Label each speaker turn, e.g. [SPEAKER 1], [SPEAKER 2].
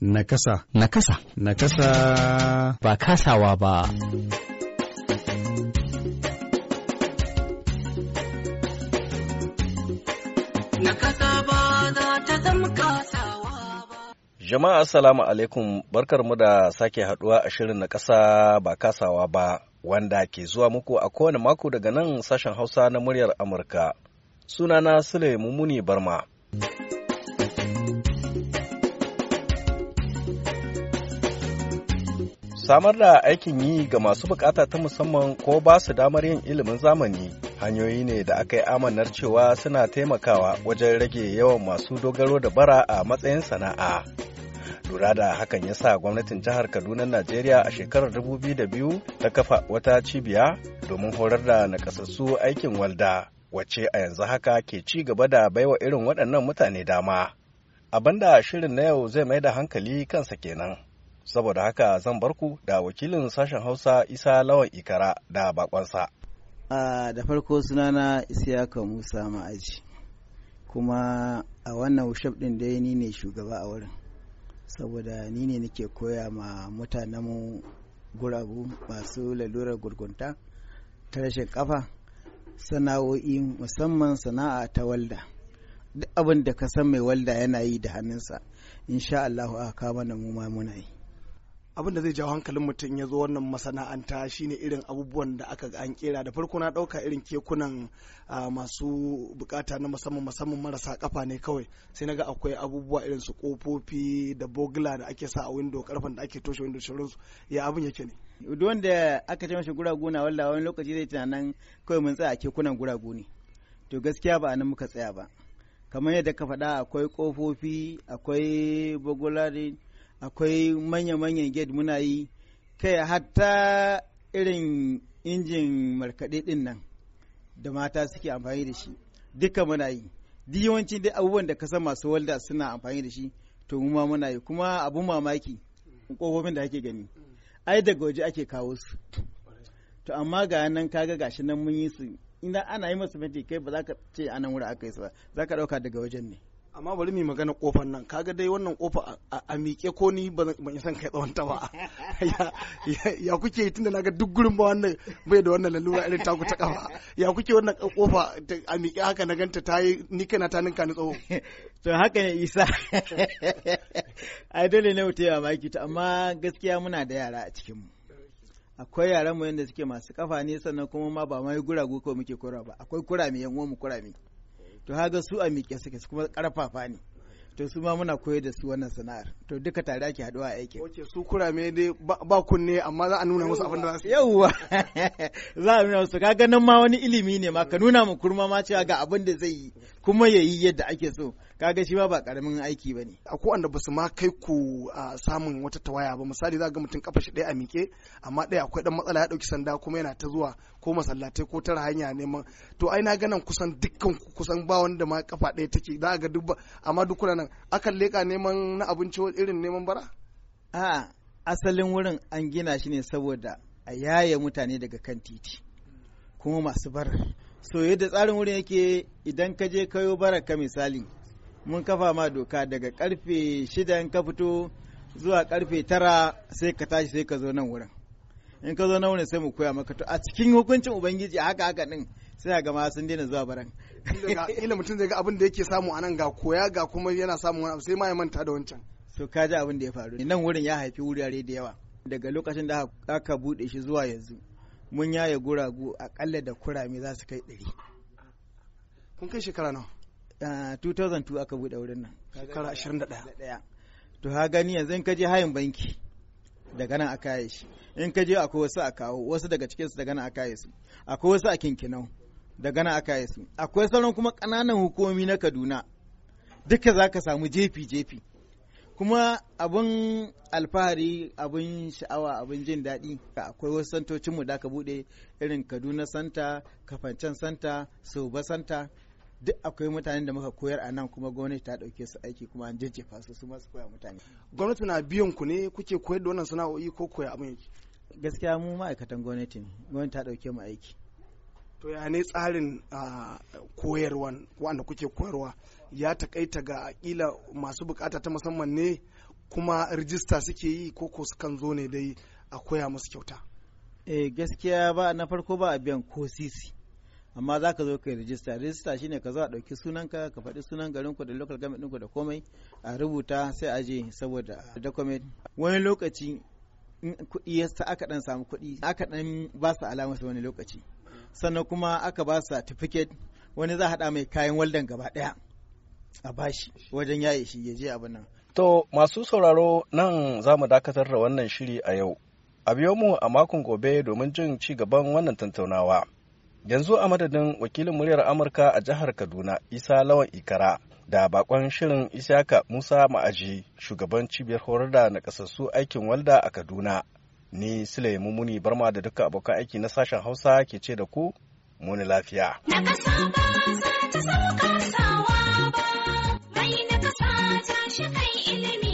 [SPEAKER 1] Nakasa. Nakasa. Nakasa. Ba kasawa ba. ba ba. ta zama kasawa Jama'a Assalamu alaikum barkarmu da sake haduwa a shirin na ƙasa ba kasawa ba wanda ke zuwa muku a kowane mako daga nan sashen Hausa na muryar Amurka. Sunana Sule Mumuni Barma. samar da aikin yi ga masu bukata ta musamman ko ba su damar yin ilimin zamani hanyoyi ne da aka yi amanar cewa suna taimakawa wajen rage yawan masu dogaro da bara a matsayin sana'a lura da hakan ya sa gwamnatin jihar kaduna najeriya a shekarar 2002 ta kafa wata cibiya domin horar da nakasassu aikin walda wace a yanzu haka ke ci gaba da baiwa irin waɗannan mutane dama abinda shirin na yau zai mai da hankali kansa kenan saboda haka zan bar ku da wakilin sashen hausa isa lawan ikara da bakonsa
[SPEAKER 2] uh, da farko sunana isiyaka musa ma'aji kuma a wannan workshop din dai ni ne shugaba a wurin saboda ni ne nake koya ma mutanenmu guragu masu lalurar gurgunta ta rashin kafa sana'o'i musamman sana'a ta walda duk abin da ka san mai walda yana yi da hannunsa insha Allah a kama na mu ma muna yi
[SPEAKER 3] abin da zai jawo hankalin mutum ya zo wannan masana'anta shine irin abubuwan da aka an kera da farko na dauka irin kekunan masu bukata na musamman musamman marasa kafa ne kawai sai naga akwai abubuwa irin su kofofi da bogla da ake sa a window karfan da ake toshe window shirin su ya abin yake ne duk wanda aka ce mashi
[SPEAKER 2] na walla wani lokaci zai tunanin kawai mun tsaya a kekunan guragu ne to gaskiya ba anan muka tsaya ba kamar yadda ka faɗa akwai kofofi akwai bogulari akwai manya-manyan gate muna yi kai hatta irin injin markaɗe ɗin nan da mata suke amfani da shi duka muna yi duk yawanci dai abubuwan da kasa masu walda suna amfani da shi to mu ma muna yi kuma abun mamaki kofofin da ake gani ai daga waje ake kawo su to amma ga nan kaga gashi nan mun yi su ina ana yi masu fenti kai ba za ka ce anan wuri aka
[SPEAKER 3] yi su ba za ka ɗauka daga wajen ne amma bari mu magana kofar nan kaga dai wannan kofa a miƙe ko ni ban san kai tsawon ta ba ya kuke yi tunda naga duk gurin ba wannan bai da wannan lalura irin taku ta kafa ya kuke wannan kofa a miƙe haka na ganta ta yi ni kana ta ninka ni tsawo to haka ne isa ai
[SPEAKER 2] dole ne mutum ya maki ta amma gaskiya muna da yara a cikin mu akwai yaran mu yanda suke masu kafa ne sannan kuma ma ba mai guragu ko muke kura ba akwai kurami yan uwan mu kurami. to haga su a miƙe suke su kuma ƙarfafa ne to su ma muna koyar da su wannan sana'ar to duka tare ake haɗuwa aikin ok su kurame ne ba kunne amma za a nuna musu abin da za su yauwa za a nuna musu kaga nan ma wani ilimi ne ma ka nuna mu kurma ma cewa ga abin da zai yi
[SPEAKER 3] kuma ya yi yadda ake so kaga shi ba ba karamin aiki bane akwai wanda basu ma kai ku samun wata tawaya ba misali za ga mutum kafa shi ɗaya a mike amma ɗaya akwai dan matsala ya dauki sanda kuma yana ta zuwa ko masallatai ko tara hanya neman to ai na ganan kusan dukkan ku kusan ba wanda ma kafa ɗaya take za ga duk amma duk nan akan leka neman na abinci irin neman
[SPEAKER 2] bara a asalin wurin an gina shi ne saboda a yaye mutane daga kan titi kuma masu bara so yadda tsarin wurin yake idan ka je kayo bara ka misali mun kafa ma doka daga karfe shida in ka fito zuwa karfe tara sai ka tashi sai ka zo nan wurin in ka zo nan wurin sai mu koya maka to a cikin hukuncin ubangiji haka haka din sai ga ma sun daina zuwa baran ila mutum zai ga abin da yake samu anan ga koya ga kuma yana samun wani abu sai ma ya manta da wancan to ka ji abin da ya faru nan wurin ya haifi wurare da yawa daga lokacin da aka bude shi zuwa yanzu mun yaye guragu akalla da kurame za su kai ɗari kun kai shekara nawa 2002 ah, aka buɗe wurin nan shekara 21 to ha gani yanzu in ka je hayin banki daga nan aka yi shi in ka je akwai wasu a kawo wasu daga cikinsu daga nan aka yi su akwai wasu a kinkinau daga nan aka yi su akwai sauran kuma ƙananan hukumomi na kaduna duka za ka samu jefi jefi kuma abin alfahari abin sha'awa abin jin daɗi akwai wasu santocinmu da aka buɗe irin kaduna santa kafancan santa soba santa duk akwai mutanen da muka koyar a nan kuma gwamnati ta ɗauke su aiki kuma an jajjefa su su masu koya mutane gwamnati na biyan ku ne kuke koyar da wannan sana'o'i ko koya abin yake gaskiya mu ma'aikatan gwamnati ne
[SPEAKER 3] gwamnati ta ɗauke mu aiki to ya ne tsarin koyarwan wanda kuke koyarwa ya takaita ga kila masu bukata ta musamman ne kuma rijista suke yi ko ko sukan zo ne dai a koya musu kyauta eh gaskiya
[SPEAKER 2] ba na farko ba a biyan ko sisi amma za ka zo kai rijista rijista shi ne ka zo a ɗauki sunan ka ka faɗi sunan garin garinku da local government ɗinku da komai a rubuta sai a je saboda document wani lokaci in kuɗi ya sa aka ɗan samu kuɗi aka ɗan ba su alamarsa wani lokaci sannan kuma aka ba su certificate wani za a haɗa mai kayan waldan gaba ɗaya a bashi wajen yaye shi ya je abin nan.
[SPEAKER 1] To masu sauraro nan za mu dakatar da wannan shiri a yau. A biyo mu a makon gobe domin jin ci gaban wannan tattaunawa. yanzu a madadin wakilin muryar amurka a jihar kaduna isa lawan ikara da bakon shirin Isaka musa ma'aji shugaban cibiyar horar da nakasassu aikin walda a kaduna ni sule muni barma da duka abokan aiki na sashen hausa ke ce da ku muni lafiya
[SPEAKER 2] ilimi